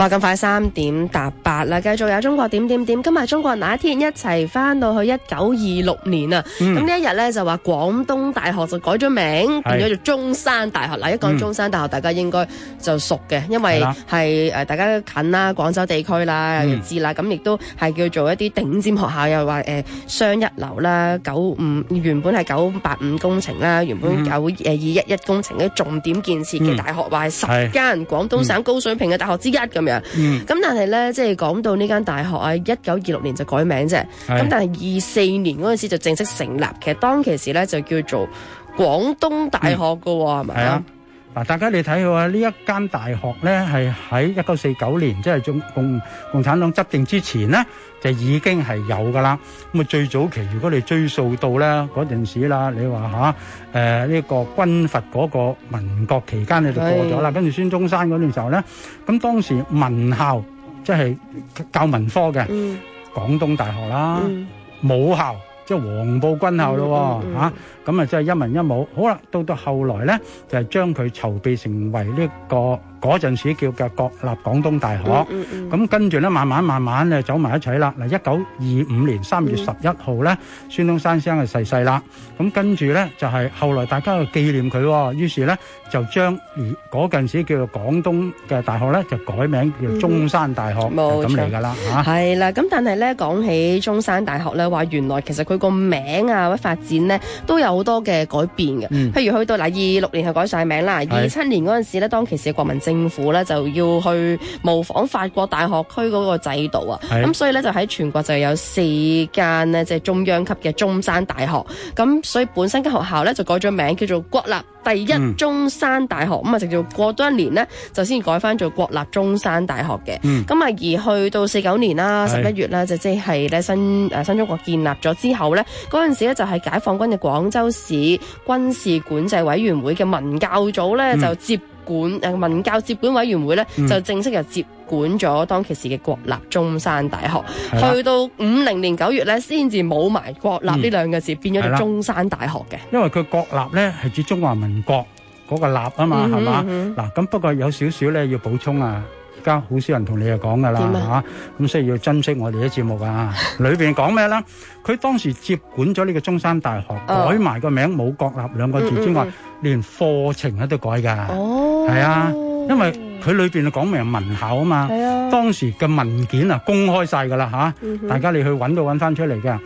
哇咁快三點搭八啦，繼續有中國點點點。今日中國哪一天一齊翻到去、嗯、一九二六年啊？咁呢一日咧就話廣東大學就改咗名，變咗做中，中山大學。嗱，一講中山大學，大家應該就熟嘅，因為係誒大家近啦，廣州地區啦，又、嗯、知啦。咁亦都係叫做一啲頂尖學校，又話誒雙一流啦，九五原本係九八五工程啦、嗯，原本九誒二一一工程嘅重點建設嘅大學，話、嗯、十間廣東省高水平嘅大學之一咁。咁、嗯、但係咧，即係講到呢間大學啊，一九二六年就改名啫。咁但係二四年嗰陣時就正式成立，其實當其時咧就叫做廣東大學噶，係咪啊？嗱，大家你睇下呢一間大學咧，係喺一九四九年，即係中共共產黨執政之前咧，就已經係有噶啦。咁啊，最早期如果你追溯到咧嗰陣時啦，你話嚇誒呢個軍閥嗰個民國期間你就過咗啦，跟住孫中山嗰段時候咧，咁當時文校即係教文科嘅嗯廣東大學啦、武校。即係黃埔軍校咯，嚇咁啊！即、嗯、係、啊、一文一武。好啦，到到後來咧，就係、是、將佢籌備成為呢、這、一個。嗰陣時叫嘅國立廣東大學，咁跟住咧慢慢慢慢誒走埋一齊啦。嗱，一九二五年三月十一號咧，孫中山先生就逝世啦。咁跟住咧就係後來大家去紀念佢，於是咧就將嗰陣時叫做廣東嘅大學咧就改名叫中山大學，就咁嚟㗎啦嚇。係啦，咁但係咧講起中山大學咧，話原來其實佢個名啊或者發展咧都有好多嘅改變嘅。譬如去到嗱二六年係改晒名啦，二七年嗰陣時咧當其時嘅國民政政府咧就要去模仿法國大學區嗰個制度啊，咁所以咧就喺全國就有四間呢，即係中央級嘅中山大學，咁所以本身間學校咧就改咗名叫做國立第一中山大學，咁啊直到過多一年呢，就先改翻做國立中山大學嘅，咁啊而去到四九年啦十一月啦，就即係咧新誒新中國建立咗之後咧，嗰陣時咧就係解放軍嘅廣州市軍事管制委員會嘅文教組咧就接。管誒，文教接管委員會咧，就正式又接管咗當其時嘅國立中山大學。去到五零年九月咧，先至冇埋國立呢兩個字，變咗中山大學嘅。因為佢國立咧係指中華民國嗰個立啊嘛，係嘛？嗱咁不過有少少咧要補充啊，而家好少人同你哋講㗎啦，嚇咁所以要珍惜我哋啲節目啊！裏邊講咩咧？佢當時接管咗呢個中山大學，改埋個名冇國立兩個字之外，連課程喺度改㗎。係啊，因為佢裏邊講明文考啊嘛，當時嘅文件啊，公開晒噶啦吓，大家你去揾都揾翻出嚟嘅。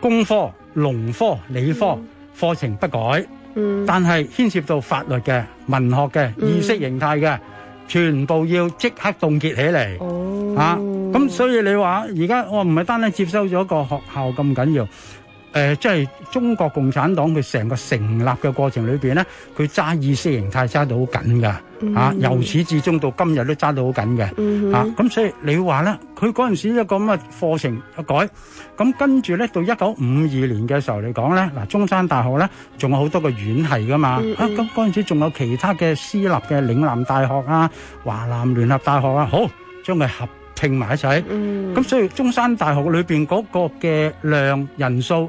工科、農科、理科、嗯、課程不改，嗯、但係牽涉到法律嘅、文學嘅、嗯、意識形態嘅，全部要即刻凍結起嚟咁、哦啊、所以你話而家我唔係單單接收咗個學校咁緊要。誒，即係中國共產黨佢成個成立嘅過程裏邊咧，佢揸意識形態揸到好緊噶，吓由始至終到今日都揸到好緊嘅，吓咁所以你話咧，佢嗰陣時一個咁嘅課程一改，咁跟住咧到一九五二年嘅時候嚟講咧，嗱中山大學咧仲有好多個院系噶嘛，啊咁嗰陣時仲有其他嘅私立嘅嶺南大學啊、華南聯合大學啊，好將佢合拼埋一齊，咁所以中山大學裏邊嗰個嘅量人數。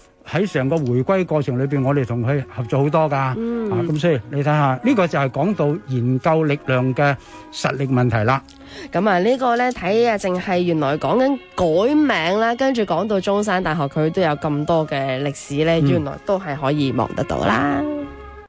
喺成個回歸過程裏邊，我哋同佢合作好多噶，嗯，啊咁所以你睇下呢個就係講到研究力量嘅實力問題啦。咁啊呢個咧睇啊，淨係原來講緊改名啦，跟住講到中山大學，佢都有咁多嘅歷史咧，原來都係可以望得到啦。